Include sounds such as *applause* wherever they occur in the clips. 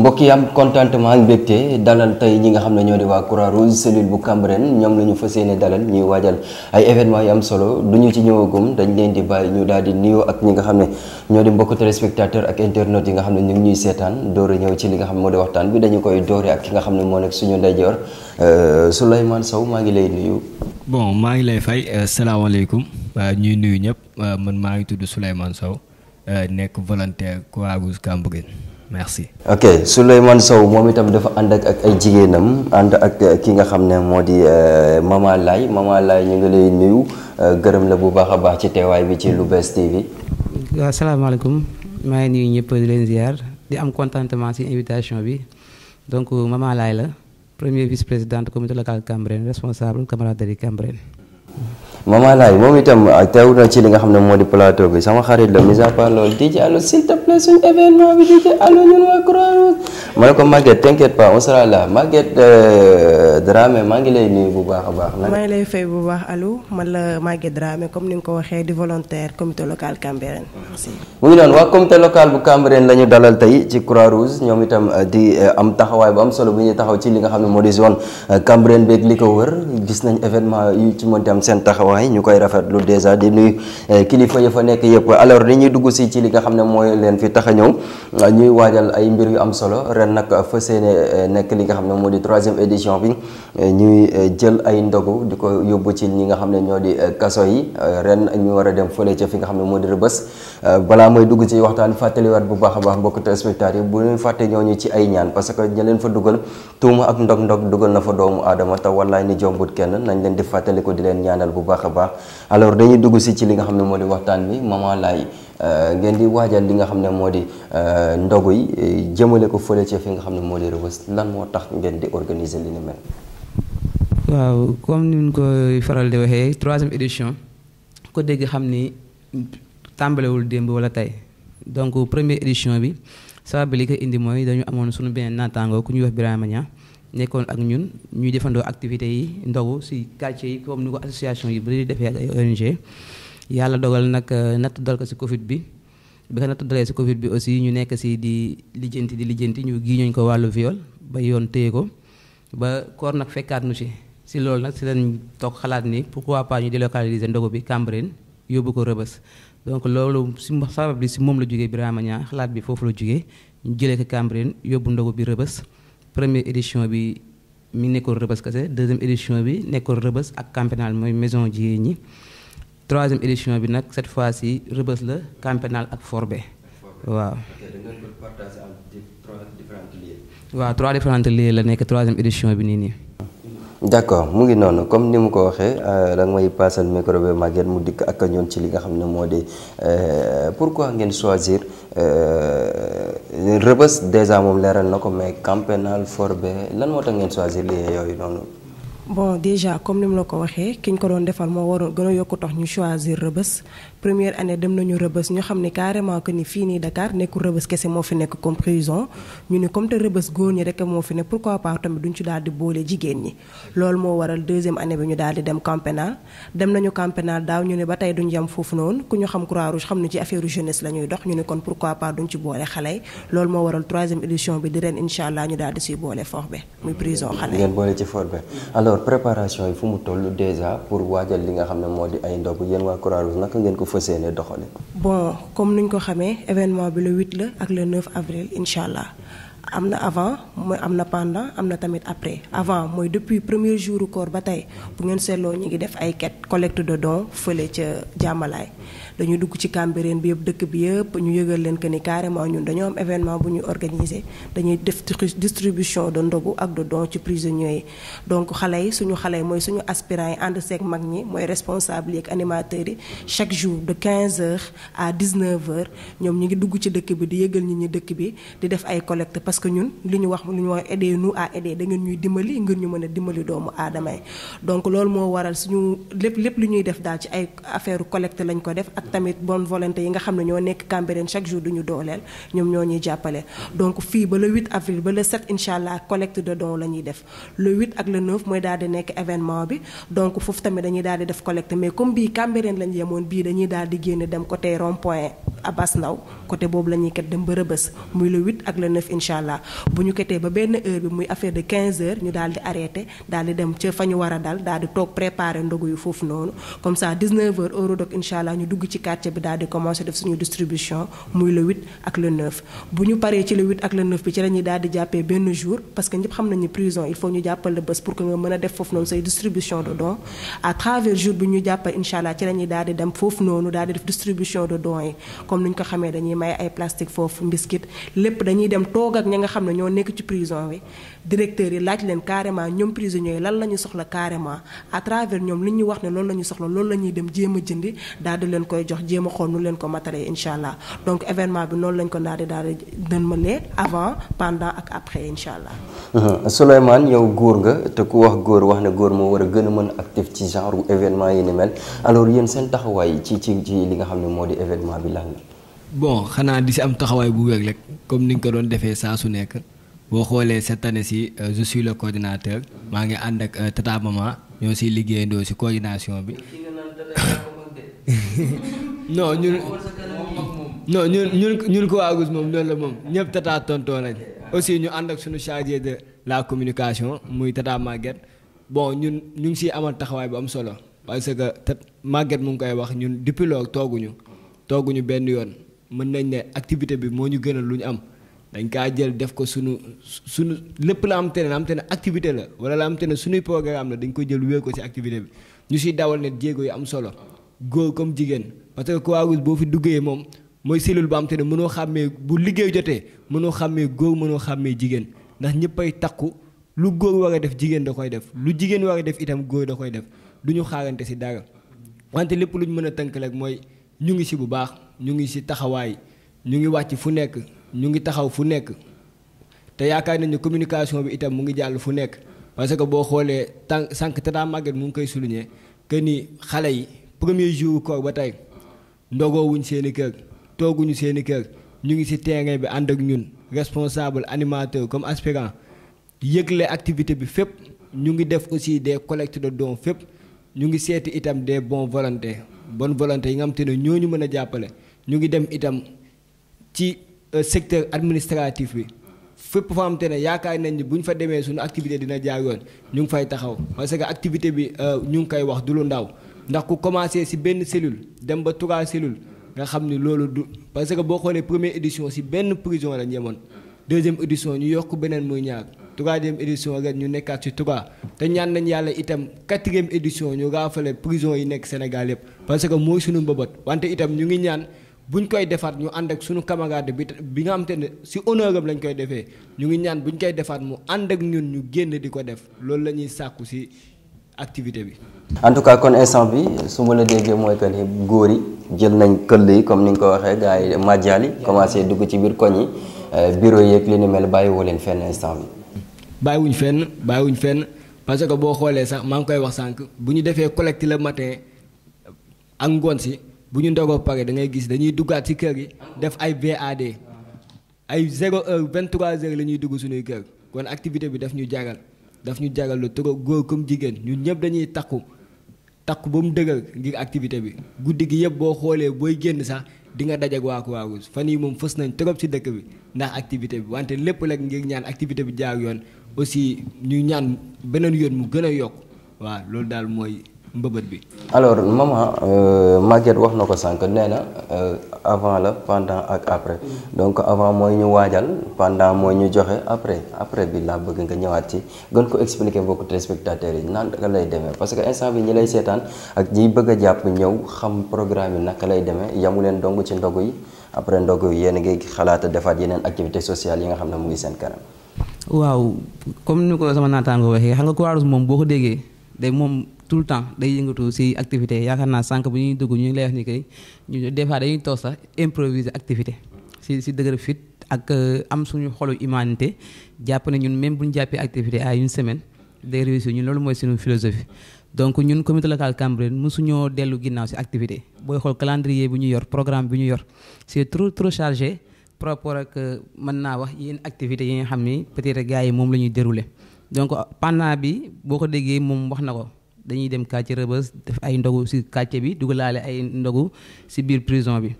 mbokk yi am contentement ak mbégte dalal tey ñi nga xam ne ñoo di waa Croix Rouge cellule bu Cambérène ñoom la ñu fas yéene dalal ñuy waajal ay événements yu am solo du ñu ci ñëwagum dañ leen di bàyyi ñu daal di nuyoo ak ñi nga xam ne ñoo di mbokk respectateur ak internautes yi nga xam ne ñu ngi ñuy seetaan door a ñëw ci li nga xam ne moo di waxtaan bi dañu koy doore ak ki nga xam ne moo nekk suñu ndeyjoor euh, Souleymane Sow maa ngi lay nuyu. bon maa ngi lay fay euh, salaamaaleykum euh, ñuy nuyu ñëpp man maa ngi tudd Souleymane Sow nekk volontaire Croix Rouge Cambérène merci. ok Souleymane Sow moom itam dafa ànd ak ay jigéenam ànd ak eh, ki nga xam ne moo di eh, Mama Lay Mama Lay ñu ngi lay nuyu eh, gërëm la bu baax a baax ci teewaay bi ci Lou'Bess TV. waaw salaamaaleykum maa ngi nuyu ñëpp di leen di am contentement ci invitation bi donc Mama Lay la première vice-présidente comité local Cambérène responsable camaraderie Cambérène. Mama Laye moom itam ah, teew na ci li nga xam ne moo di plateau bi sama xarit la mise à part loolu DJ Allo s'il te plaît suñu événement bi DJ Allo ñun waa Croix-Rouge ma ne ko Maguette euh, maa ngi lay nuyu bu baax a baax. maa ngi lay fay bu baax Allo man la Maguette Dramé comme ni nga ko waxee di volontaire comité local Cambérène. mu ngi noonu waa comité local bu Cambérène la ñu dalal tey ci Croix-Rouge ñoom itam ah, di eh, am taxawaay bu am solo bu ñuy taxaw ci li nga xam ne moo di zone ah, Cambérène beeg li ko wër gis nañ événement yu ci mënti am seen taxawaay. waaye ñu koy rafetlu dèjà di nuyu eh, kilifa ya fa nekk yëpp alors ñuy dugg si ci li nga xam ne mooy leen fi tax a ñëw eh, ñuy waajal ay mbir yu am solo ren nag fa seene eh, nekk li nga xam ne moo di troisième édition bi ñuy jël ay ndogu di ko yóbbu ci ñi nga xam ne ñoo di kaso yi ren ñu war a dem fële ca fi nga xam ne moo di rëbës balaa mooy dugg ci waxtaan fàttaliwaat bu baax a baax mbokk téléspectateurs yi bu leen fàtte ñooñu ci ay ñaan parce que ña leen fa dugal tuuma ak ndog ndog dugal na fa doomu aadama te wallaay ni jombut kenn nañ leen di di leen ñaanal bu baax baax baax alors dañuy dugg si ci li nga xam ne moo di waxtaan bi maman laay euh, ngeen di waajal li nga xam ne moo di euh, ndogu yi euh, jëmale ko fële ci fi nga xam ne moo di Rebeuss lan moo tax ngeen di organiser li ni mel. waaw comme ni ñu koy faral di waxee troisième édition ko dégg xam ni tàmbalewul démb wala tey donc première édition bi sabab bi li ko indi mooy dañu amoon suñu benn naataango ku ñuy wax Birama nekkoon ak ñun ñuy defandoo activité yi ndogu si quartier yi comme ni ko association yi bari defee ak ay ONG yàlla dogal nag euh, natt dal ko si Covid bi bi ko natt dalee bi aussi ñu nekk si di lijjanti di lijjanti ñu gii ñooñ ko wàllu viol ba yoon téye ko ba koor nag fekkaat nu si si loolu nag si lañ toog xalaat ni pour pourquoi pas ñu délocaliser ndogu bi Cambérène yóbbu ko Rebeuss donc loolu si sabab bi si moom la jógee Birama Niang xalaat bi foofu la jógee ñu jëlee ko Cambérène yóbbu ndogu bi Rebeuss première édition bi mi nekkoon rëbës kese deuxième édition bi nekkoon rëbës ak campénal mooy maison jiyee ñi troisième édition bi nag cette fois si rëbës la campénal ak forbe waaw. waaw trois différents lieux la nekk troisième édition bi nii nii. d'accord mu ngi noonu comme ni mu ko waxee euh, da nga may paasal micro bi mu dikk ak ñoon ci li nga xam ne moo di euh, pourquoi ngeen choisir euh, Rebeuss déjà moom leeral na ko mais Camp Pénal Forbé lan moo tax ngeen choisir lii yooyu noonu. bon déjà comme ni mu la ko waxee ki ko doon defal moo waroon gën a yokku tax ñu choisir rëbës première année dem nañu rëbës ñu xam ne carrément que ni fii nii Dakar nekkul rëbës kese moo fi nekk comme prison ñu ne comme te rëbës góor ñi rek moo fi ne pourquoi pas tamit duñ ci daal di boole jigéen ñi. lool moo waral deuxième année bi ñu daal di dem camp pénal dem nañu camp daaw ñu ne ba tey duñ yem foofu noonu ku ñu xam croix rouge xam ne ci affaire jeunesse la ñuy dox ñu ne kon pourquoi pas duñ ci boole xale yi loolu bi di ren incha allah ñu daal di siy boole fort bi préparation yi fu mu toll déjà pour waajal li nga xam ne moo di ay ndogu yéen waa croix naka ngeen ko fas yéene doxale bon comme ñu ko xamee événement bi le 8 la ak le 9 avril incha allah am na avant mooy am na pendant am na tamit après avant mooy depuis premier jour koor ba tey bu ngeen seetloo ñu ngi def ay quête collecte de dons fële ca jàmmalaay dañuy dugg ci Cambérène bi yëpp dëkk bi yëpp ñu yëgal leen que ni carrément ñun dañoo am événement bu ñuy organiser dañuy def distribution de ndogu ak de don ci prisonniers yi donc xale yi suñu xale yi mooy suñu aspirants yi ànd seeg mag ñi mooy responsable yi ak animateurs yi chaque jour de 15 heures à 19 heures ñoom ñu ngi dugg ci dëkk bi di yëgal nit ñi dëkk bi di def ay collecte parce que ñun li ñu wax li ñu wax aider nu à aider da ngeen ñuy dimbali ngir ñu mën a dimbali doomu aadama donc loolu moo waral suñu lépp lépp lu ñuy def daal ci ay affaire collecte lañ ko def ak tamit bon volonté yi nga xam ne ñoo nekk Cambérène chaque jour du ñu dooleel ñoom ñoo ñuy jàppale donc fii ba le 8 avril ba le 7 incha allah collecte de dons la ñuy def le 8 ak le 9 mooy daal di nekk événement bi donc foofu tamit dañuy daal di def collecte mais comme bii Cambérène lañ yemoon bii dañuy daal di génn dem côté rond point Abass Ndao côté boobu la ñuy ket dem ba rëbës muy le 8 ak le 9 incha bu ñu ketee ba benn heure bi muy affaire de 15 ñu daal di arrêté dem ca fa ñu war dal daal toog préparé ndogu yu foofu noonu comme ça 19 heures eurodoc incha ñu dugg ci quartier bi daal di def suñu distribution muy le 8 ak le 9 bu ñu paree ci le 8 ak le 9 bi ci la ñuy jàppee benn jour parce que ñëpp xam nañu prison il faut ñu jàppal la bés pour que nga may ay plastique foofu mbiskit lépp dañuy dem toog ak ñi nga xam ne ñoo nekk ci prison bi directeur yi laaj leen carrément ñoom prisonniers yi lan la ñu soxla carrément à travers ñoom li ñu wax ne loolu la ñu soxla loolu la ñuy dem jéem a jëndi daal di leen koy jox jéema a xool leen ko matale incha allah donc événement bi noonu lañ ko daal di daal ma dënmalee avant pendant ak après incha allah. Uh-huh. Souleymane yow góor nga te ku wax góor wax ne góor moo war a gën a mën actif ci genre événement yi ni mel alors yéen seen taxawaay ci ci ci li nga xam ne moo di événement bi lan la. bon xanaa di si am taxawaay bu wéeg rek comme ni nga ko doon defee saa su nekk boo xoolee cette année si euh, je suis le coordinateur maa ngi ànd ak euh, tata maman ñoo siy liggéeyandoo si coordination bi. *laughs* no ñun ñun ko waa moom loolu la moom ñëpp tata tontoo lañ aussi ñu ànd ak suñu chargé de la communication muy tata Maguette bon ñun ñu ngi siy amal taxawaay bu am solo parce que tat màgget mu ngi koy wax ñun depuis loolu tooguñu tooguñu benn yoon. mën nañ ne activité bi moo ñu gënal lu ñu am dañ kaa jël def ko sunu sunu lépp la am te ne activité la wala la am te ne sunuy programme la dañ ko jël wéer ko ci activité bi ñu si dawal ne jéego yi am solo góor comme jigéen parce que Croix-Rouge boo fi duggee moom mooy cellule ba am te ne mënoo xàmmee bu liggéey jotee mënoo xàmmee góor mënoo xàmmee jigéen ndax ñëppay takku lu góor war a def jigéen da koy def lu jigéen war a def itam góor da koy def du ñu xaarante si dara wante lépp lu ñu mën a tënk rek mooy. ñu ngi si bu baax ñu ngi si taxawaay ñu ngi wàcc fu nekk ñu ngi taxaw fu nekk te yaakaar nañu communication bi itam mu ngi jàll fu nekk parce que boo xoolee tànk sànq Tata Maguette mu ngi koy souligner que ni xale yi premier jour koor ba tey ndogoowuñ seen i kër tooguñu seen i kër ñu ngi si terrain bi ànd ak ñun responsable animateur comme aspirant yëgle activité bi fépp ñu ngi def aussi des collecte de dons fépp ñu ngi seeti itam des bon volontaires bon volonté yi nga xam te ne ñoo ñu mën a jàppale ñu ngi dem itam ci euh, secteur administratif bi fépp foo xam te ne yaakaar nañ ni bu ñu fa demee suñu activité dina jaar yoon ñu ngi fay taxaw parce que activité bi euh, ñu ngi koy wax du lu ndaw ndax ku commencé si benn cellule dem ba trois cellule nga xam ni loolu du parce que boo xoolee première édition si benn prison la ñemoon deuxième édition ñu yokk beneen muy ñaar. troisième édition ren ñu nekkaat ci trois te ñaan nañ yàlla itam quatrième édision ñu raafale prison yi nekk Sénégal yëpp parce que mooy suñu mbëbët wante itam ñu ngi ñaan buñ koy defaat ñu ànd ak suñu camarade bi bi nga xam te ne si honneur am lañ koy defee ñu ngi ñaan buñ koy defaat mu ànd ak ñun ñu génn di ko def loolu la ñuy sàkku si activité bi. en tout cas kon instant bi su ma la déggee mooy que ni góor yi jël nañ këll yi comme ni nga ko waxee gars yi yi commencé dugg ci biir koñ yi euh, bureau yeeg li ni mel bàyyiwoo leen fenn instant bàyyiwuñ fenn bàyyiwuñ fenn parce que boo xoolee sax maa ngi koy wax sànq bu ñu defee collecte le matin ak ngoon si bu ñu ndogoo pare da ngay gis dañuy duggaat ci kër yi def ay VAD ay 0 vingt 23 heures la ñuy dugg suñuy kër kon activité bi daf ñu jagal daf ñu jagal lu trop góor comme jigéen ñu ñëpp dañuy takku takku ba mu dëgër ngir activité bi guddi gi yëpp boo xoolee booy génn sax. di nga daje ak waa croix fan yii moom fës nañ trop si dëkk bi ndax activité bi wante lépp rek ngir ñaan activité bi jaar yoon aussi ñuy ñaan beneen yoon mu gën a yokk waaw loolu daal mooy mbëbët bi. alors maman euh, Maguette wax na ko sànq nee na euh, avant la pendant ak après donc avant mooy ñu waajal pendant mooy ñu joxe après après bi laa bëgg nga ñëwaat ci gën ko expliquer mbokku téléspectateurs yi nan naka lay demee parce que instant bi ñi lay seetaan ak ñiy bëgg a jàpp ñëw xam programme yi naka lay demee yamu leen dong ci ndogu yi après ndogu yi yéen a ngi xalaata defaat yeneen activité sociale yi nga xam ne mu ngi seen kanam. waaw comme ni ko sama tout le temps day yëngatu si activité yaakaar naa sànq bu ñuy dugg ñu ngi lay wax ni kay ñu des fois dañuy toog sax improviser activité si si dëgër fit ak euh, am suñu xolu humanité jàpp ne ñun même bu ñu jàppee activité à une semaine day réussir ñun loolu mooy suñu philosophie donc ñun comité local Cambérène mosuñoo dellu ginnaaw si activité booy xool calendrier bu ñu yor programme bi ñu yor c'est trop trop chargé par ak euh, mën naa wax yéen activités yi nga xam ni peut-être gars yi moom la ñuy dérouler donc euh, pendant moom wax na ko dañuy dem quartier Rebeuss def ay ndogu si quartier bi dugalaale ay ndogu si biir prison bi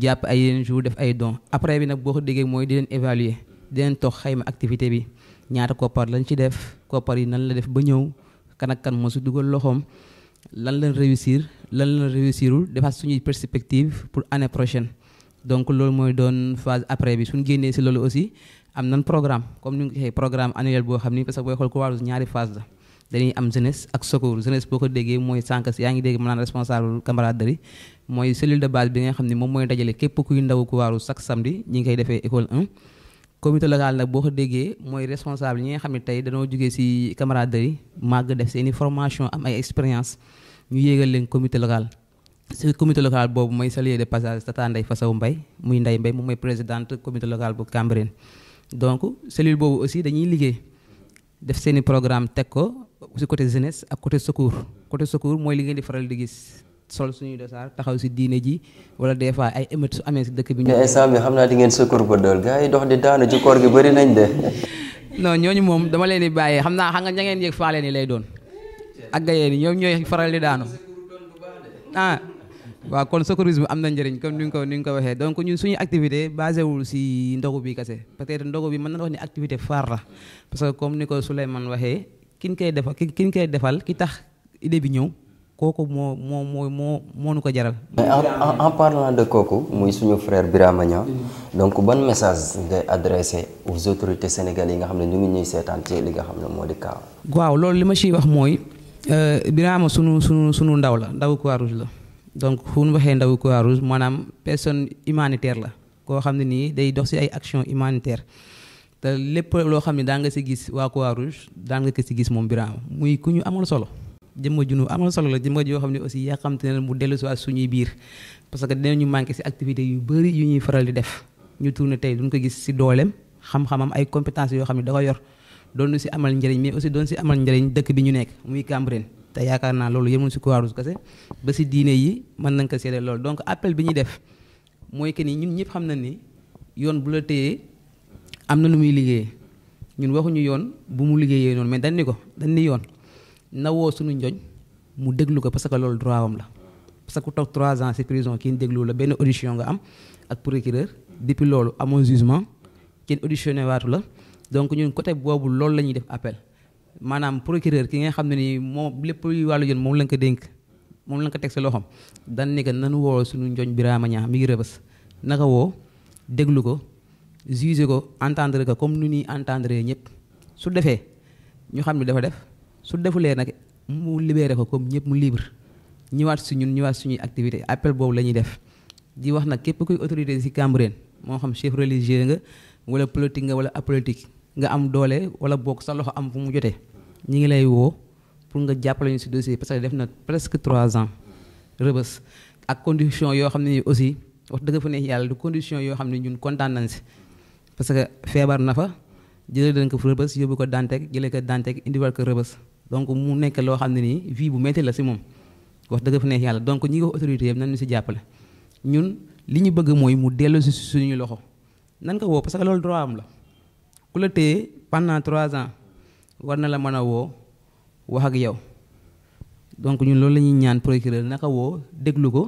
jàpp ay yeneen jour def ay don après bi nag boo ko déggee mooy den leen évaluer di leen toog xayma activité bi ñaata koppar lañ ci def koppar yi nan la def ba ñëw kan ak kan moo su dugal loxoom lan lañ réussir lan lañ réussirul defaat suñuy perspective pour année prochaine donc loolu mooy doon phase après bi suñ génnee si loolu aussi am nan programme comme ni nga ko waxee programme la dañuy am jeunesse ak secours jeunesse boo ko déggee mooy sànq yaa ngi dégg maanaam responsable camaraderie mooy cellule de base bi nga xam ne moom mooy dajale képp kuy ndaw ku waaru chaque samedi ñi ngi koy defee école 1. comité local boo ko déggee mooy responsable ñi nga xam ne tey dañoo jógee si camaraderie màgg def seeni formation am ay expérience ñu yéegal leen comité locale si comité local boobu mooy saluer de passage tata Ndeye Fassaw Mbaye muy Ndeye Mbaye moom mooy présidente comité local bu Cambérène donc cellule boobu aussi dañuy liggéey def seeni programme teg ko. si côté jeunesse ak côté secours côté secours mooy li ngeen di faral di gis sol suñuy dosaar taxaw si diine ji wala des fois ay émeute su amee si dëkk bi. ñu instant bi naa di ngeen secours ba dool gars yi dox di daanu ci koor gi bëri nañ de. *laughs* non ñooñu moom dama leen di bàyyee xam naa xam nga ña ngeen yëg faale ni lay doon ak gayee ni ñoom ñooy faral di daanu ah waa kon secourisme am na njëriñ comme ni nga ko ni nga ko waxee donc ñun suñu activité basé wul si ndogu bi kese peut-être ndogu bi mën na wax ni activité phare la parce que comme ni ko Souleymane waxee kin koy defal kin koy defal ki tax idée bi ñëw kooku moo moo moo moo moo nu ko jaral. mais en en parlant de kooku muy suñu frère Birama Niang donc ban message ngay adressé aux autorités sénégalaises yi nga xam ne ñu ngi ñuy seetaan ci li nga xam ne moo di kaaw. waaw loolu li ma ciy wax mooy euh, Birama sunu sunu sunu ndaw la ndawu Croix-Rouge la donc fu ñu waxee ndawu Croix-Rouge maanaam personne humanitaire la koo xam ne nii day dox ci ay action humanitaire te lépp loo xam ne daa nga si gis waa Croix-Rouge daa nga ko si gis moom Birame muy ku ñu amal solo jëmma junu amal solo la jëmma joo xam ne aussi yaa xam te ne mu dellu si suñuy biir parce que dinañu manqué si activité yu bëri yu ñuy faral di def ñu tourné tey duñ ko gis si dooleem xam-xamam ay compétence yoo xam ne da ko yor doon si amal njëriñ mais aussi doon si amal njëriñ dëkk bi ñu nekk muy Cambérène te yaakaar naa loolu yemul si Croix-Rouge kese ba si diine yi mën nañ ko seede loolu donc appel bi ñuy def mooy que ni ñun ñëpp xam nañ ni yoon bu la téyee am na lu muy liggéeyee ñun waxuñu yoon bu mu liggéeyee noonu mais dañ ni ko dañ ni yoon na woo suñu njoñ mu déglu ko parce que loolu droit am la parce ku toog trois ans si prison kenn déglu la benn audition nga am ak procureur depuis loolu amoon jugement kenn auditionné waatu la donc ñun côté boobu loolu lañuy def appel maanaam procureur ki ngay xam ne nii moom lépp wàllu yoon moom lañ ko dénk moom lañ ko teg si loxoom dan ni que nanu woo suñu njoñ Birama Niang mi ngi rëbës naka déglu ko juger ko entendre ko comme nu ñuy entendre ñëpp su defee ñu xam ne dafa def su defulee nag mu libéré ko comme ñëpp mu libre ñëwaat si ñun ñëwaat suñuy activité appel boobu la ñuy def di wax nag képp kuy autorité si Cambérène moo xam chef religieux nga wala politique nga wala apolitique nga am doole wala boog sa loxo am fu mu jotee ñu ngi lay woo pour nga jàppale ñu si dossier parce que def na presque trois ans rëbës ak condition yoo xam ne ni aussi wax dëgg fa ne yàlla du yoo xam ne ñun kontaan nañ si parce que feebar na fa jëlee dañ ko fu rëbës yóbbu ko Dantec jëlee ko Dantec indiwaat ko rëbës donc mu nekk loo xam ne nii vie bu métti la si moom wax dëgg fa neex yàlla donc ñi nga wax autorité yëpp si jàppale ñun li ñu bëgg mooy mu dellu si suñu loxo nan ko woo parce que loolu droit la ku la téye war na la mën a woo wax ak yow donc ñun loolu la ñuy ñaan procureur naka woo déglu ko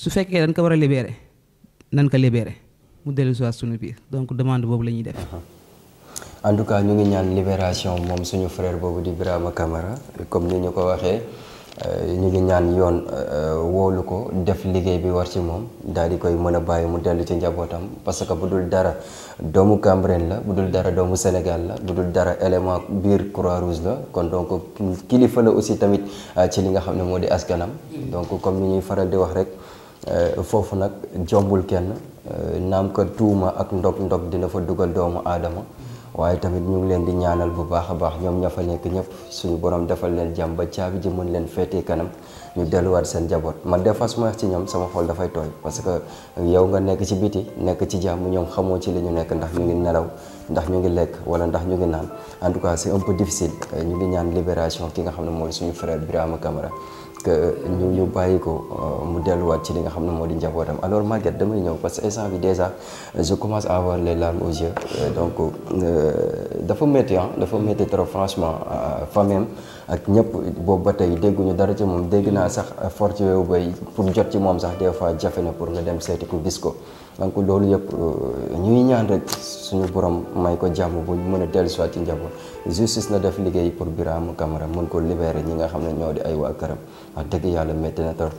su fekkee dañ ko war a libéré nan ko libéré mu dellu si waat suñu biir donc demande boobu la ñuy def. Uh-huh. en tout cas ñu ngi ñaan libération moom suñu frère boobu di Birama Camara comme ni ñu ko waxee euh, ñu ngi ñaan yoon euh, woolu ko def liggéey bi war ci moom daal di koy mën a bàyyi mu dellu ci njabootam parce que bu dul dara doomu Cambérène la bu dul dara doomu Sénégal la bu dul dara élément biir Croix-Rouge la kon donc kilifa la aussi tamit euh, ci li nga xam ne moo di askanam mm. donc comme ni ñuy faral di wax rek foofu nag jombul kenn. Euh, naam ko tuuma ak ndog ndog dina fa dugal doomu aadama waaye tamit ñu ngi leen di ñaanal bu baax a baax ñoom ña fa nekk ñëpp suñu borom defal leen jàmm ba caabi ji mën leen féetee kanam ñu delluwaat seen njaboot ma des fois su ma ci ñoom sama xool dafay tooy parce que yow nga nekk ci biti nekk ci jàmm ñoom xamoo ci li ñu nekk ndax ñu ngi nelaw ndax ñu ngi lekk wala ndax ñu ngi naan en tout cas c'est un peu difficile euh, ñu ngi ñaan libération ki nga xam ne mooy suñu frère Birama Camara que ñu ñu bàyyi ko euh, mu delluwaat ci li nga xam ne moo di njabootam alors Maguette damay ñëw parce que instant bi déjà je commence à avoir les larmes aux yeux euh, donc euh, dafa métti ah dafa métti trop franchement famille ak ñëpp boobu ba tey dégguñu dara ci moom dégg naa sax force yooyu pour jot ci moom sax des fois jafe na pour nga dem seeti ko gis ko. donc loolu yëpp euh, ñuy ñaan rek suñu borom may ko jàmm bu ñu mën a dellu soit ci njaboot justice na def liggéey pour Birame Camara mën ko libérer ñi nga xam ne ñoo di ay waa këram wax dëgg yàlla métti na trop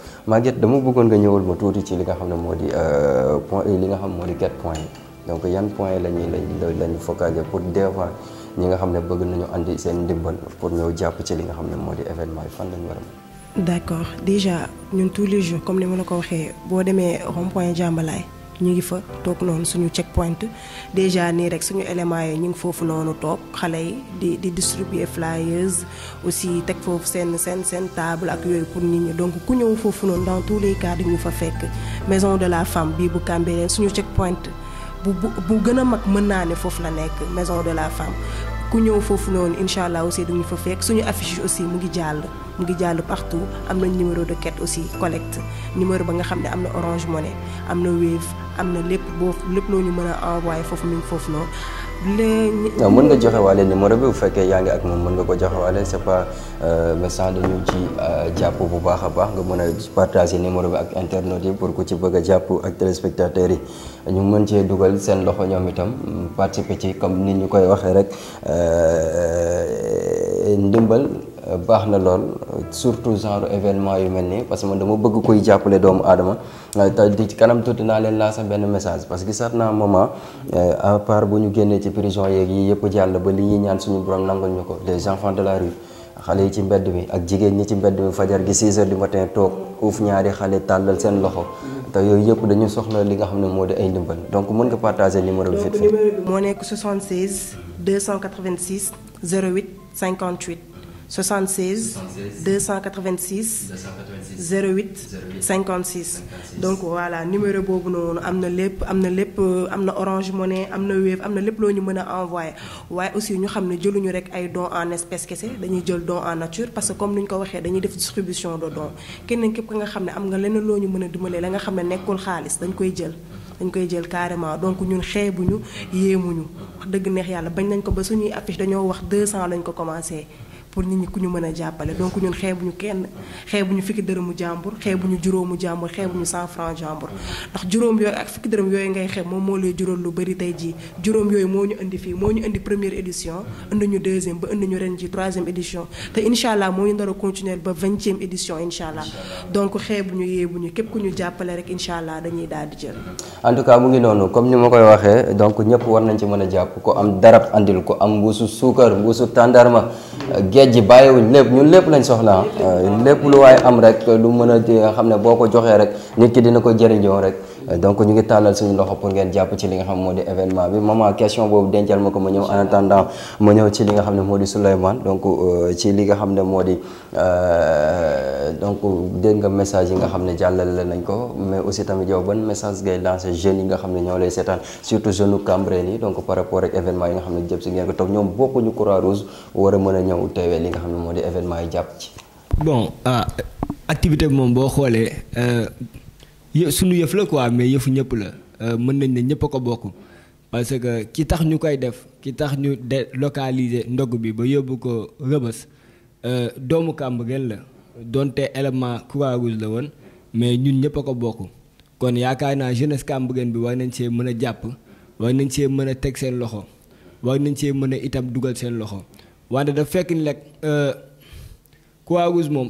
dama bëggoon nga ñëwal ma tuuti ci li nga xam ne moo di euh, point li nga xam moo di get point yan point la ñuy lañ lañu focaliser pour des fois ñi nga xam ne bëgg nañu andi seen ndimbal pour ñëw jàpp ci li nga xam ne moo di événement yi fan lañu war a. d'accord déjà ñun tous les jours comme ni ma la ko waxee boo demee rond point jàmbalaay ñu ngi fa toog noonu suñu check point déjà nii rek suñu éléments yi ñu ngi foofu noonu toog xale yi di di distribuer flyers aussi teg foofu seen seen seen table ak yooyu pour nit ñi donc ku ñëw foofu noonu dans tous les cas dañu fa fekk maison de la femme bii bu Cambérène suñu check point bu bu bu gën a mag mën naa ne foofu la nekk maison de la femme ku ñëw foofu noonu incha allah aussi dañu fa fekk suñu affiche aussi mu ngi jàll. mu ngi jàll partout am na numéro de quête aussi collecte numéro ba nga xam ne am na Orange Money am na Wave am na lépp boo lépp loo ñu mën a envoyé foofu mi foofu noonu. léegi. mën nga joxe waale numéro bi bu fekkee yaa ngi ak moom mën nga ko joxe waale c'est pas euh, message dañu ci euh, jàpp bu baax a baax nga mën a partager numéro bi ak internautes yi pour ku ci bëgg a jàpp ak téléspectateurs yi ñu mën cee dugal seen loxo ñoom itam participer ci comme nit ñu koy waxee rek euh, ndimbal. baax na lool surtout genre événement yu mel nii parce que man dama bëgg koy jàppale doomu aadama te di kanam tuuti naa leen laa sax benn message parce que gisaat naa moment euh, à bu ñu génnee ci prison yeeg yëpp jàll ba li ñuy ñaan suñu borom nangul ñu ko les enfants de la rue xale yi ci mbedd mi ak jigéen ñi ci mbedd mi fajar gi 6 heures du matin toog uuf ñaari xale tàllal seen loxo. te yooyu yëpp dañu soxla li nga xam ne moo di ay ndimbal donc mën nga partager numéro bi. vite fait 76 286 08 56 donc voilà numéro boobu noonu am na lépp am na lépp euh, am na Orange Money am na Wave am na lépp loo ñu mën a envoyé waaye aussi ñu xam ne jëluñu rek ay dons en espèce kese dañuy jël don en nature parce que comme ni ñu ko waxee dañuy def distribution de dons kenn képp ka nga xam ne am nga leneen loo ñu mën a dimbalee la nga xam ne nekkul xaalis dañ koy jël dañ koy jël carrément donc ñun ñu xeebuñu yéemuñu wax dëgg neex yàlla bañ nañ ko ba suñuy affiche dañoo wax 200 lañ ko commencé pour nit ñi ku ñu mën a jàppale donc ñun ñu kenn xeebuñu fukki dërëmu jàmbur xeebuñu juróomu jàmbur xeebuñu cent franc jàmbur ndax juróom yooyu ak fukki dërëm yooyu ngay xeeb moom moo lay jural lu bari tey jii juróom yooyu moo ñu indi fii moo ñu indi première édition indi ñu deuxième ba indi ñu ren ji troisième édition te incha allah moo ñu nar a continuer ba vingtième édition incha allah donc xeebuñu ñu képp ku ñu jàppale rek incha allah dañuy daal di jël en tout cas mu ngi noonu comme ni ma koy waxee donc ñëpp war nañ ci mën a jàpp ko am darab andil ko am suukar mbuusu tàndarma géej gi bàyyiwuñ lépp ñun lépp lañ soxla euh, lépp lu waaye am rek lu mën a xam ne boo ko joxee rek nit ki dina ko jëriñoo rek donc ñu ngi tàllal suñu loxo pour ngeen jàpp ci li nga xam moo di événement bi maman question boobu dencal ma ko ma ñëw ci li nga xam ne moo di Souleymane donc euh, ci nga xam ne moo di euh, donc message yi nga xam ne jàllale nañ ko mais aussi tamit yow ban message ngay lancer jeunes yi nga xam ne ñoo lay seetaan surtout jeune u Cambérène yi donc par rapport ak événement yi nga xam ne jëm si ngeen ko toog ñoom bokkuñu croix rouge war a mën a ñëw teewee li nga xam ne moo di événement yi jàpp ci. bon ah, activité bi suñu yëf la ko quoi mais yëfu ñëpp la euh, mën nañ ne ñëpp a ko bokk parce que ki tax ñu koy def ki tax ñu de délocaliser ndog bi ba yóbbu ko rëbës euh, doomu gen la donte élément Croix-Rouge la woon mais ñun ñëpp a ko bokk kon yaakaar naa jeunesse Cambérène bi war nañ see mën a jàpp war nañ see mën a teg seen loxo war nañ see mën a itam dugal seen loxo wante daf fekk ni rek euh, Croix-Rouge moom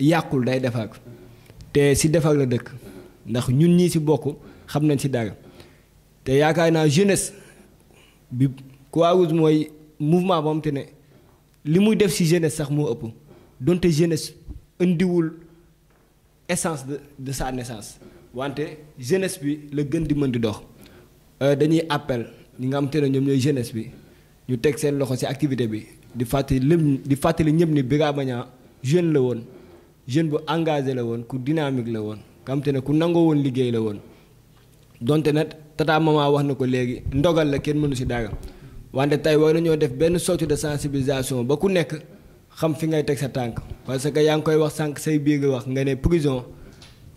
yàqul day defar. te si defar la dëkk ndax ñun ñii si bokk xam nañ ci dara te yaakaar naa jeunesse bi Croix-Rouge mooy mouvement boo xam te ne li mu def si jeunesse sax moo ëpp donte jeunesse indiwul essence de de sa naissance wante jeunesse bi la gën di mën di dox euh, dañuy appel ñi nga xam te ne ñoom ñooy jeunesse bi ñu teg seen loxo si activité bi di fàttali lépp di fàttali ñëpp ni Birama Niang jeune la woon. jeune bu engagé la woon ku dynamique la woon nga xam te ne ku nangoo woon liggéey la woon donte nag tata wax na ko léegi ndogal la kenn mënu si dara wante tey war nañoo def benn sorte de sensibilisation ba ku nekk xam fi ngay teg sa tànk parce que yaa ngi koy wax sànq say biir wax nga ne prison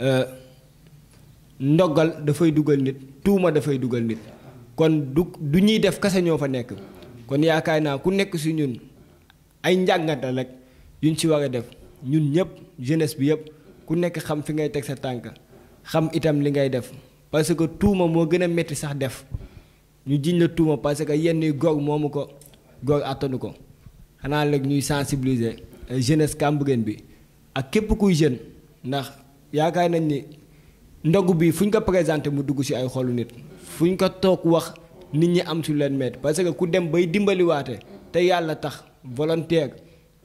euh, ndogal dafay dugal nit tuuma dafay dugal nit kon du du ñuy def kase ñoo fa nekk kon yaakaar naa ku nekk si ñun ay njàngat la rek yuñ si war a def. ñun ñëpp jeunesse bi yëpp ku nekk xam fi ngay teg sa tànk xam itam li ngay def parce que tuuma moo gën a métti sax def ñu jiñ la tuuma parce que yenn góor moomu ko góor àttanu ko xanaa léegi ñuy sensibiliser euh, jeunesse Cambérène bi ak képp kuy jeune ndax yaakaar nañ ni ndogu bi fu ñu ko présenté mu dugg ci ay xolu nit fu ñu ko toog wax nit ñi am su leen métti parce que ku dem bay dimbaliwaate te yàlla tax volontaire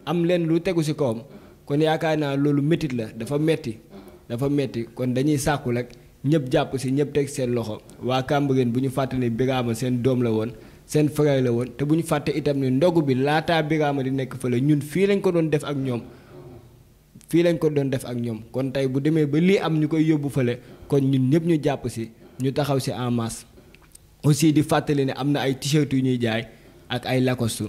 am leen lu tegu ci kawam kon yaakaar naa loolu métit la dafa metti dafa metti kon dañuy sàkku rek ñëpp jàpp si ñëpp teg seen loxo waa Cambérène bu ñu fàtte ne Birama seen doom la woon seen frère la woon te bu ñu fàttee itam ne ndogu bi laataa Birama di nekk fële ñun fii lañ ko doon def ak ñoom fii lañ ko doon def ak ñoom kon tey bu demee ba lii am ñu koy yóbbu fële kon ñun ñëpp ñu jàpp si ñu taxaw si en masse aussi di fàttali ne am na ay t yu ñuy jaay ak ay lacoste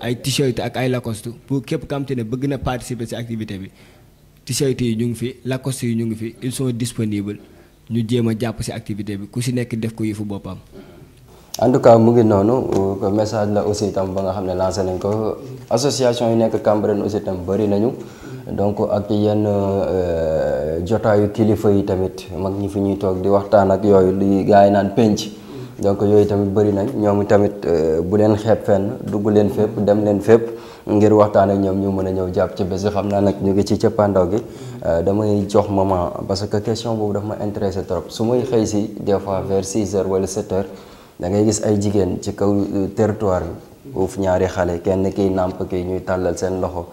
ay t-shirt ak ay lacoste pour képp kam te ne bëgg na participer ci activité bi t-shirt yi ñu ngi fi lacoste yi ñu ngi fi ils sont disponible ñu jéem a jàpp ci activité bi ku si nekk def ko yëfu boppam. en tout cas mu ngi noonu euh, message la aussi itam ba nga xam ne lancé nañ ko association yi nekk Cambérène aussi itam bëri nañu. donc ak yenn euh, jotaayu kilifa yi tamit mag ñi fi ñuy toog di waxtaan ak yooyu li gars yi naan penc. donc yooyu tamit bëri nañ ñoom tamit euh, bu leen xeeb fenn dugg leen fépp dem leen fépp ngir waxtaan ak ñoom ñu mën a ñëw jàpp ci bés yi xam naa nag ñu ngi ci cëppaandaw gi euh, damay jox maman parce que question boobu dafa ma intéressé trop su may xëy si des fois vers 6 heures wala 7 da ngay gis ay jigéen ci kaw euh, teritoire bi uuf ñaari xale kenn kiy nàmp kii ñuy tàllal seen loxo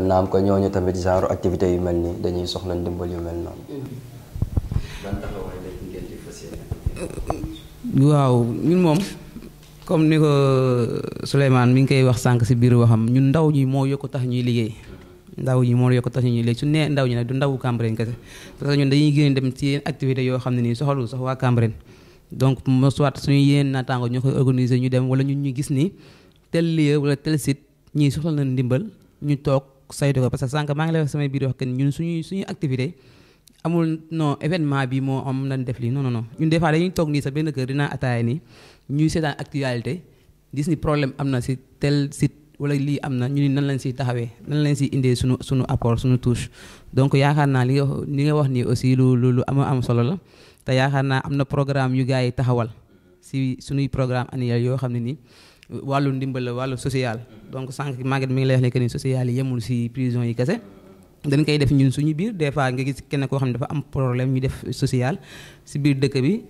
naam ko ñooñu tamit genre activité yu mel nii dañuy soxla ndimbal yu mel noonu. Mm-hmm. waaw ñun moom comme ni ko Souleymane mi ngi koy wax sànq si biir waxam ñun ndaw ñi moo yokk tax ñuy liggéey ndaw ñi moo yokk tax ñuy liggéey su nee ndaw ñi nag du ndawu Cambérène kese parce que ñun dañuy génn dem ci yeneen activité yoo xam ne nii soxalul sax waa Cambérène donc mo soit suñu yeneen naataango ñoo koy organiser ñu dem wala ñun ñu gis ni tel lieu wala tel sit ñii soxla na ndimbal ñu toog saytu ko parce que sànq maa ngi lay wax samay biir wax que ñun suñuy suñuy activité amul non événement bi moo am lan def lii non non non ñun des fois dañuy toog nii sa benn kër dinaa ataaya nii ñuy seetaan actualité gis ni problème am na si tel site wala lii am na ñu ni nan lañ siy taxawee nan lañ si indee suñu suñu apport suñu touche donc yaakaar naa ni nga li wax nii aussi lu lu am am solo la te yaakaar naa am na programme yu gars yi taxawal si sunuy programme annuel yoo xam ne nii wàllu ndimbal la wàllu social donc sànq Maguette mi ngi lay wax social yemul si prison yi kese dañ koy def ñun suñu biir des fois nga gis kenn koo xam ne dafa am problème ñu def social si biir dëkk bi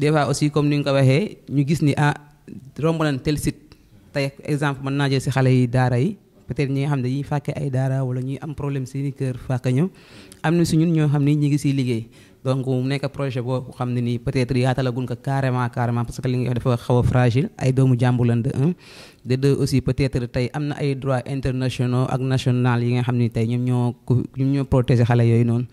des fois aussi comme ni nga ko waxee ñu gis ni ah romb nañ tel site tey exemple mën naajee si xale yi daara yi peut-être ñi nga xam ne dañuy fàkkee ay daara wala ñuy am problème seeni kër fàkk ñëw am na si ñun ñoo xam ne ñu ngi siy liggéey donc mu nekk projet boo xam ne nii peut-être yaatalagun ko carrément carrément parce que li nga dafa xaw a fragile ay doomu jàmbur lañ de deux aussi peut-être tey am na ay droits internationaux ak national yi nga xam ni tey ñoom ñoo ñoom ñoo protéger xale yooyu noonu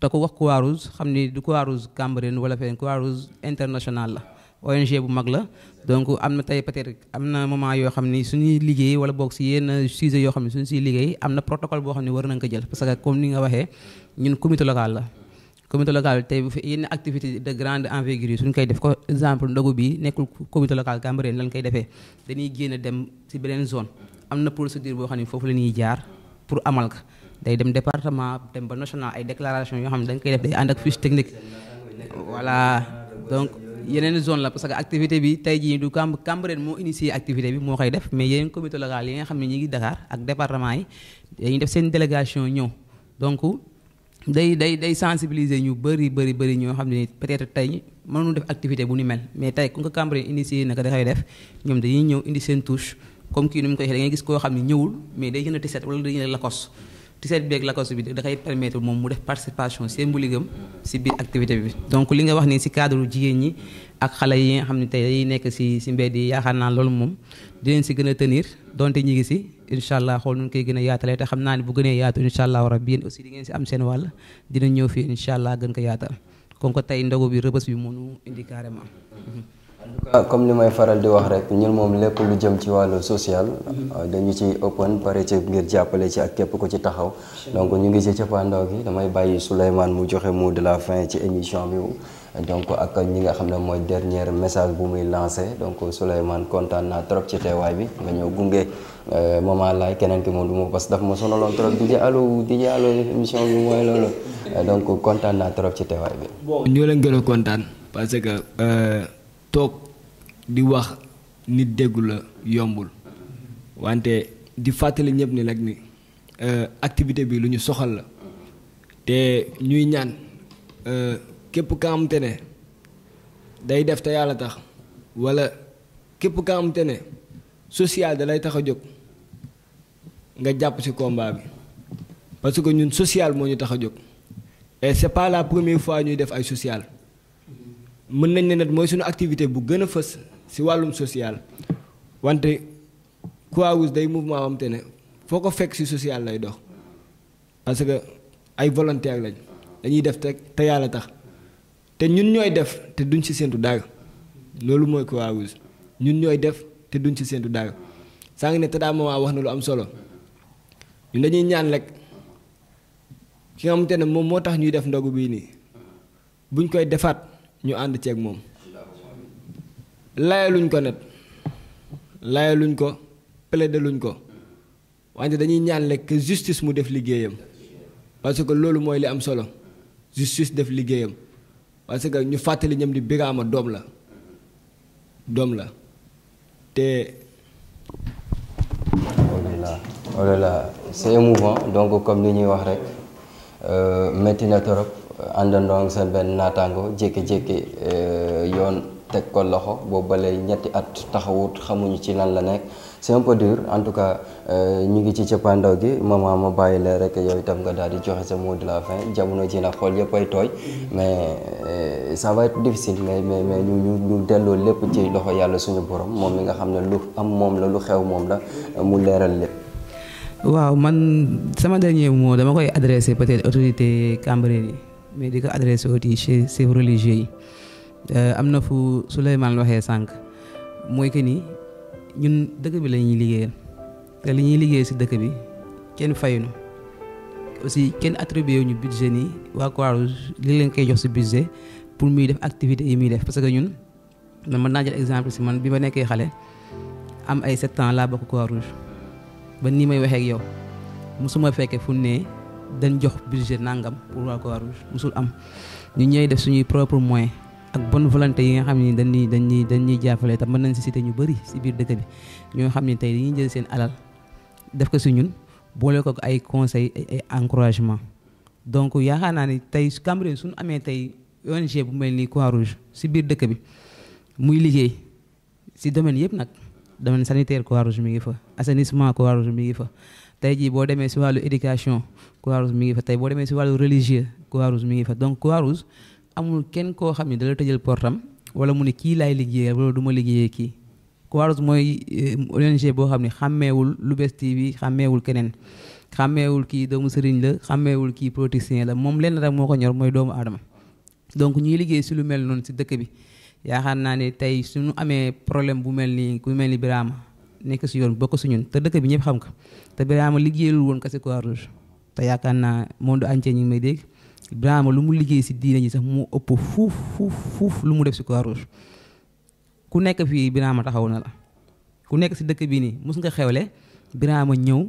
te ko wax Croix-Rouge xam ni du Croix-Rouge Cambérène wala feneen Croix-Rouge international la ONG bu mag la donc am na tey peut-être am na moment yoo xam ni suñuy liggéey wala boog si yenn sujet yoo xam ni suñu siy liggéey am na protocole boo xam ne war nañ ko jël parce que comme ni nga waxee ñun comité local la comité local tey bu fi yenn activité de grande envergure suñ koy def ko exemple ndogu bi nekkul comité local Cambérène lan koy defee dañuy génn dem ci beneen zone am na procédure boo xam ne foofu la ñuy jaar pour amal ko day dem département dem ba national ay déclaration yoo xam ne dañ koy def day ànd ak fiche technique voilà donc yeneen zone la parce que activité bi tey jii du Camb Cambérène moo initié activité bi moo koy def mais yeneen comité local yi nga xam ne ñi ngi Dakar ak département yi dañuy def seen délégation ñëw day day day sensibiliser ñu bëri bëri bëri ñoo xam ne peut-être tey mënuñu def activité bu ni mel mais tey ku nga Cambérène initié naka dafay def ñoom dañuy ñëw indi seen touche comme kii nu mu koy waxee da ngay gis koo xam ne ñëwul mais day jënd tiset wala day jënd lakos tiset bi ak lakos bi da koy moom mu def participation symbolique am si biir activité bi donc li nga wax ni si cadre jigéen ñi ak xale yi nga xam ne tey nekk si si mbedd yi yaakaar naa loolu moom dinañ si gën a tenir donte ñi ngi si incha allah xool nu koy gën a yaatalee te xam naa ne bu gënee yaatu incha allah rabbi yéen aussi di ngeen si seen wàll dina ñëw fii incha allah gën ko yaatal kon ko tey ndogu bi rëbës bi mënu indi carrément. en tout comme ni may faral di wax rek ñun moom lépp lu jëm ci wàllu social. Mhm. Euh, dañu ci open pare ci ngir jàppale ci ak képp ko ci taxaw. donc ñu ngi si cappaandaw gi damay bàyyi Souleymane mu joxe moo de la fin ci émission bi. donc ak ñi nga xam ne mooy dernier message bu muy lancé donc Souleymane kontaan naa trop ci teewaay bi nga ñëw gunge euh, maman laay keneen ki moom du ma parce que daf ma sonaloon trop di allo di allo émission bi mooy loolu euh, donc kontaan naa trop ci teewaay bi. bon ñoo leen gën a kontaan parce que euh, toog di wax nit déggu la yombul wante di fàttali ñëpp ni rek ni activité bi lu ñu soxal la te ñuy ñaan. képp ka am ne day def te yàlla tax wala képp ka am ne social dalay tax a jóg nga jàpp ci komba bi parce que ñun social moo ñu tax a jóg et c'est pas la première fois ñuy def ay social mën nañ ne nag mooy suñu activité bu gën a fës ci wàllum social wante Croix-Rouge day mouvement am te ne foo ko fekk ci social lay dox parce que ay volontaire lañ dañuy def te te yàlla tax te ñun ñooy def te duñ ci séntu dara loolu mooy ko rouge ñun ñooy def te duñ ci séntu dara saa ngi ne Tata Maman wax na lu am solo ñun dañuy ñaan lekk ki nga xamante ne moom moo tax ñuy def ndogu bii nii buñ koy defaat ñu ànd ceeg moom layaluñ ko net layaluñ ko plaideluñ ko wante dañuy ñaan rek que mu def liggéeyam parce que loolu mooy li am solo justice def liggéeyam parce que ñu fàttali ñam di Birama doom la doom la te. alhamdulilah alhamdulilah c'est émouvant donc comme ni ñuy wax rek euh, metti na torop àndandoo ak sa benn naataango jékki-jékki euh, yoon. teg ko loxo boobu ba léegi ñetti at taxawut xamuñu ci lan la nekk c'est un peu dur en tout cas euh, ñu ngi ci cëppaandaw gi maman ma bàyyi la rek yow itam nga daal di joxe sa mot de la fin jamono ji nag xool yëpp ay tooy mais euh, ça va difficile mais mais ñu ñu ñu delloo lépp ci loxo yàlla suñu borom moom mi nga xam ne lu am moom la lu xew moom la mu leeral lépp. waaw man sama dernier mot dama koy adressé peut-être autorité Cambérène yi mais di ko adressé aussi chef religieux yi. Euh, am na fu Souleymane waxee sànq mooy que ni ñun dëkk bi lañuy ñuy liggéeyal te li ñuy liggéey si dëkk bi kenn fayuñu aussi kenn atribuer wu ñu budget nii waa Croix-Rouge li leen koy jox si budget pour muy def activité yi muy def parce que ñun man mën naa exemple si man bi ma nekkee xale am ay sept ans laa bokk Croix-Rouge ba nii may waxee ak yow ma fekkee fu ne dañ jox budget nangam pour waa Croix-Rouge mosul am ñu ñooy def suñuy propre moyen ak bonne volonté yi nga xam ne dañuy dañuy dañuy jàppale te mën nañ si cité ñu bëri si biir dëkk bi ñoo xam ne tey dañuy jël seen alal def ko si ñun boole ko ay conseil ay encouragement donc yaakaar naa ne tey Cambérène suñu amee tey ONG bu mel ni Croix-Rouge si biir dëkk bi muy liggéey si domaine yëpp nag domaine sanitaire Croix-Rouge mi ngi fa assainissement Croix-Rouge mi ngi fa tey jii boo demee si wàllu éducation Croix-Rouge mi ngi fa tey boo demee si wàllu religieux Croix-Rouge amul kenn koo xam ne dala tëjal portam wala mu ni kii laay liggéeyee wala du ma liggéeyee kii croix mooy eh, ONG boo xam ne xàmmeewul Lou'Bess TV xàmmeewul keneen xàmmeewul kii doomu sëriñ la xàmmeewul kii politicien la moom lenn rek moo ko ñor mooy doomu adama donc ñuy liggéey si lu mel noonu si dëkk bi yaakaar naa ne tey suñu amee problème bu mel ni ku mel ni Birama nekk si yoon bokk si ñun te dëkk bi ñëpp xam ka te Birama liggéeyalul woon kasi Croix-Rouge te yaakaar naa monde entier ñu ngi may dégg Ibrahima lu mu liggéey si diine ji sax mu ëpp fuuf fuuf fuuf lu mu def si croix rouge ku nekk fii Ibrahima taxaw na la ku nekk si dëkk bii nii mus nga xewle Ibrahima ñëw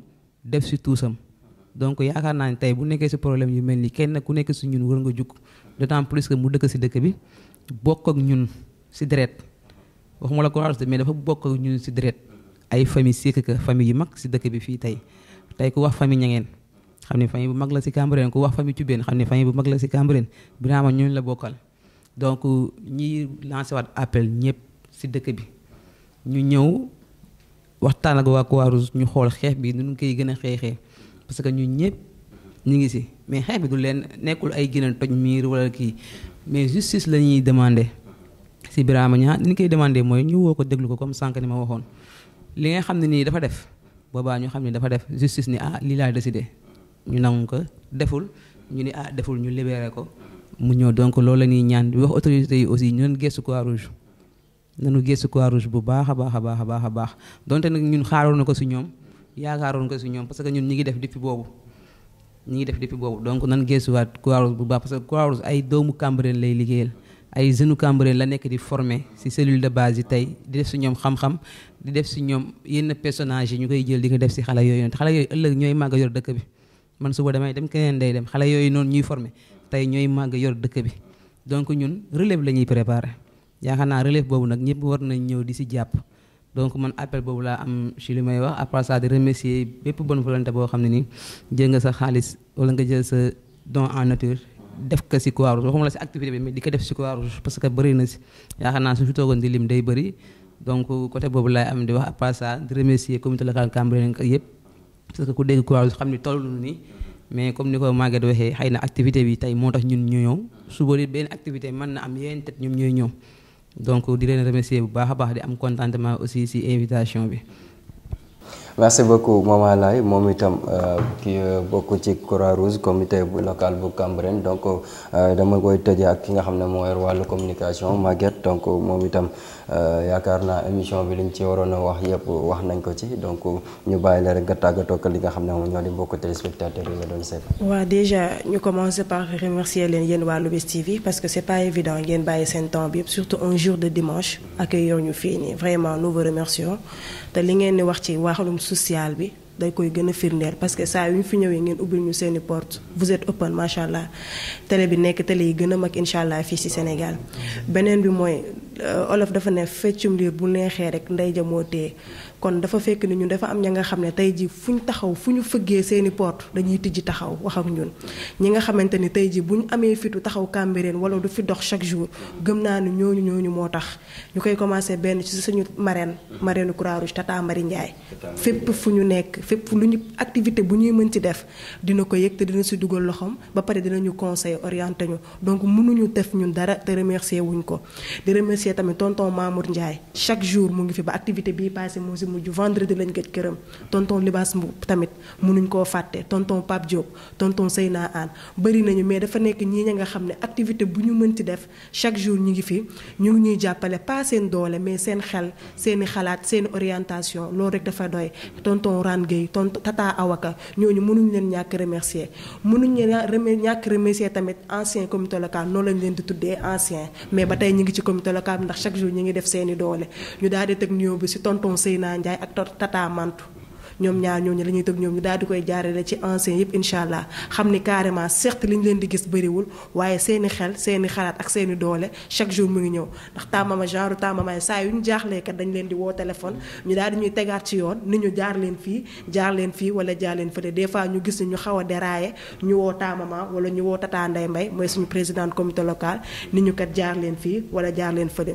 def si tuusam donc yaakaar naa ne tey bu nekkee si problème yu mel nii kenn ku nekk si ñun war nga jug d'autant plus que mu dëkk si dëkk bi bokk ak ñun si deret waxuma la croix rouge mais dafa bokk ak ñun si deret ay famille sikk famille yu mag si dëkk bi fii tey tey ku wax fami ñangeen xam ne famille bu mag la si Cambérène ku wax famille Thioubène xam ne famille bu mag la si Cambérène Birama ñun la bokkal donc ñi lancé waat appel ñëpp si dëkk bi ñu ñëw waxtaan ak waa croix ñu xool xeex bi nu ñu koy gën a xeexee parce que ñu ñëpp ñu ngi si mais xeex bi du leen nekkul ay gën a toj miir wala kii mais justice la ñuy demandé si biraama ñaa ni ñu koy demandé mooy ñëwoo ko déglu ko comme sànq ni ma waxoon li nga xam ne nii dafa def boobaa ñu xam ne dafa def justice ni ah ñu nangu ko deful ñu ni ah deful ñu libéré ko mu ñëw donc loolu la ñuy ñaan di wax autorités yi aussi ñu leen gëstu croix rouge nañu gëstu croix rouge bu baax a baax a baax a baax a baax donte nag ñun xaaroon na ko si ñoom yaakaaroon ko si ñoom parce que ñun ñi ngi def depuis boobu ñi ngi def depuis boobu donc nan gëstuwaat croix rouge bu baax parce que croix rouge ay doomu Cambérène lay liggéeyal ay jeunes Cambérène la nekk di former si cellule de base yi tey di def si ñoom xam-xam def si ñoom yenn personnage yi ñu koy jël di ko def si xale yooyu ñooy màgg yor dëkk bi man suba damay dem keneen day dem xale yooyu noonu ñuy formé tey ñooy màgg yor dëkk bi donc ñun relève la ñuy préparé yaakaar naa relève boobu nag ñëpp war nañ ñëw di si jàpp donc man appel boobu laa am ci li may wax après ça di remercier bépp boo xam ne nii jël sa xaalis wala nga jël sa don en nature def ko si croix la si activité local Cambérène yëpp parce que ku dégg Croix-Rouge xam ni tollu nii mais comme ni ko Maguette waxee xay na activité bi tey moo tax ñun ñu ñëw suba di benn activité mën na am yeneen tet ñoom ñooy ñëw donc di leen remercier bu baax a baax di am contentement aussi si invitation bi. merci beaucoup Mama Laye moom itam euh, ki euh, bokk ci Croix-Rouge bu local bu Cambérène donc euh, dama koy tëjee ak ki nga xam ne moo yor wàllu communication Maguette donc moom itam. Euh, yaakaar naa émission bi liñ ci waroon wax yëpp wax nañ ko ci donc ñu bàyyi la rek nga tàggatoo ak li nga xam ne moom ñoo di mbokk téléspectateurs yi nga doon seet. waaw déjà ñu commencer par remercier leen yéen waa Lou'Bess TV parce que c'est pas évident ngeen bàyyi seen temps bi yëpp surtout un jour de dimanche accueillir ñu fii vraiment nous vous te li ngeen di wax ci wàllum social bi. day koy gën a firndeel parce que saa yu ñu fi ñëwee ngeen ubbil ñu seeni porte vous êtes open macha allah télé bi nekk télé yi gën a mag incha allah fii ci Sénégal olof dafa ne feccum liir bu neexee rek ndey ja moo téye kon dafa fekk ni ñun dafa am ña nga xam ne tey ji fu ñu taxaw fu ñu fëggee seeni porte dañuy tijji taxaw wax ak ñun ñi nga xamante ni tey ji bu ñu amee fitu taxaw Cambérène wala du fi dox chaque jour gëm naa ni ñooñu ñooñu moo tax ñu koy commencé benn ci suñu marraine marraine Croix-Rouge Tata Marie Ndiaye fépp fu ñu nekk fépp lu ñu activité bu ñuy mën ci def dina ko yëg te dina si dugal loxoom ba pare ñu conseil orienté ñu donc mënuñu def ñun dara te remercier wuñ ko di remercier tamit tonton Mamour Ndiaye chaque jour mu ngi fi ba mujj vendredi lañ gëj këram tonton Libaas Mbuub tamit munuñ koo fàtte tonton Pape Diop tonton Seyna Aan bëri nañu mais dafa nekk ñii ña nga xam ne activité bu ñu mënti def chaque jour ñu ngi fi ñu ngi ñuy jàppale pas seen doole mais seen xel seeni xalaat seeni orientation loolu rek dafa doy tonton Ran Gueye tonton Tata Awaka ñooñu mënuñ leen ñàkk remercier mënuñ leen ñàkk remercier tamit ancien comité local noonu lañ leen di tuddee ancien mais ba tey ñu ngi ci comité local ndax chaque jour ñu ngi def seeni doole ñu daal di teg nuyoo bi si tonton Seyna Ndiaye ak Tata Mantu ñoom ñaar ñooñu la ñuy tëgg ñoom ñu daal di koy jaarale ci ancien yëpp incha allah xam ni carrément certes li ñu leen di gis bëriwul waaye seeni xel seeni xalaat ak seeni doole chaque jour mu ngi ñëw ndax taamama genre taamamaay saa yu ñu jaaxlee kat dañ leen di woo téléphone ñu daal di ñuy tegaat ci yoon ni ñu jaar leen fii jaar leen fii wala jaar leen fële des fois ñu gis ñu xaw a déraillé ñu woo taamama wala ñu woo Tata Ndeye mooy suñu présidente comité ni ñu kat jaar leen fii wala jaar leen fële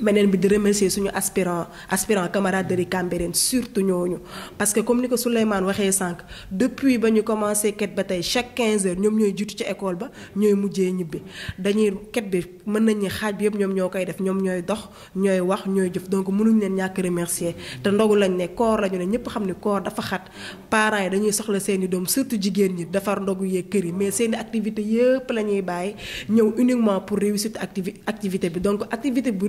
meneen bi di remercier suñu aspirant aspirant camarade de Cambérène surtout ñooñu parce que comme ni ko Souleymane waxee sànq depuis ba ñu commencé ket ba tey chaque 15 heures ñoom ñooy jiitu ci école ba ñooy mujjee ñibbi dañuy ket bi mën nañu xaaj bi yëpp ñoom ñoo koy def ñoom ñooy dox ñooy wax ñooy jëf donc mënuñ leen ñàkk remercier te ndogu lañ ne koor lañu ne ñëpp xam ne koor dafa xat parents yi dañuy soxla seeni doom surtout jigéen ñi defar ndogu yee kër yi mais seen i activité yëpp la ñuy bàyyi ñëw uniquement pour réussir activi activité bi donc activité bu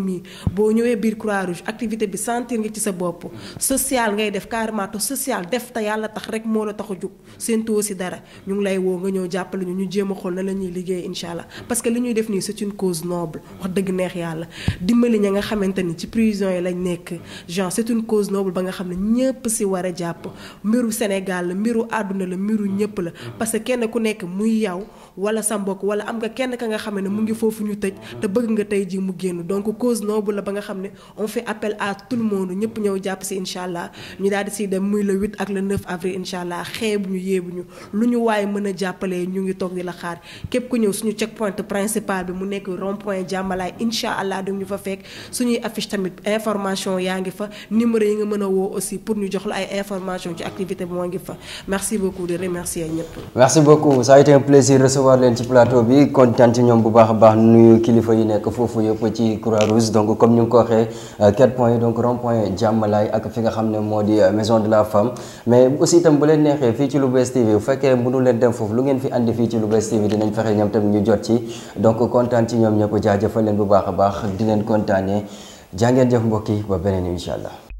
mi boo ñëwee biir croix rouge activité bi sentir ngi ci sa bopp social ngay def carrément te social def te yàlla tax rek moo la tax a jug seen too si dara ñu ngi lay woo nga ñëw jàppale ñu ñu jéem a xool na la ñuy liggéey incha allah parce que li ñuy def nii c'est une cause noble wax dëgg neex yàlla dimbali ña nga xamante ni ci prison yi lañ nekk genre c'est une cause noble ba nga xam ne ñëpp si war jàpp mbiru Sénégal la mbiru àdduna la mbiru ñëpp la parce que kenn ku nekk muy yow wala sa mbokk wala am nga kenn ka nga xam ne mu ngi foofu ñu tëj te bëgg nga tey ji mu génn donc cause noble la ba nga xam ne on fait appel à tout le monde ñëpp ñëw jàpp si incha allah ñu daal di dem muy le 8 ak le 9 avril incha allah xeebuñu ñu lu ñu waaye mën a jàppale ñu ngi toog di la xaar képp ku ñëw suñu check point principal bi mu nekk rond point jàmmalaay incha allah ñu fa fekk suñuy affiche tamit information yaa ngi fa numéro yi nga mën a woo aussi pour ñu jox la ay information ci activité bi moo ngi fa merci beaucoup di ñëpp. merci beaucoup recevoir leen ci plateau bi kontaan ci ñoom bu baax a baax nuyu kilifa yi nekk foofu yëpp ci croix rouge donc comme ñu ngi ko waxee euh, quatre points yi donc rond point jàmmalaay ak fi nga xam ne moo di euh, maison de la femme mais aussi tam bu leen neexee fii ci lu Lou'Bess TV bu fekkee mënu leen dem foofu lu ngeen fi andi fii ci Lou'Bess TV dinañ fexe ñoom tamit ñu jot ci donc kontaan ci ñoom ñëpp jaajëfal leen bu baax a baax di leen kontaanee jàngeen jëf mbokk yi ba beneen incha allah.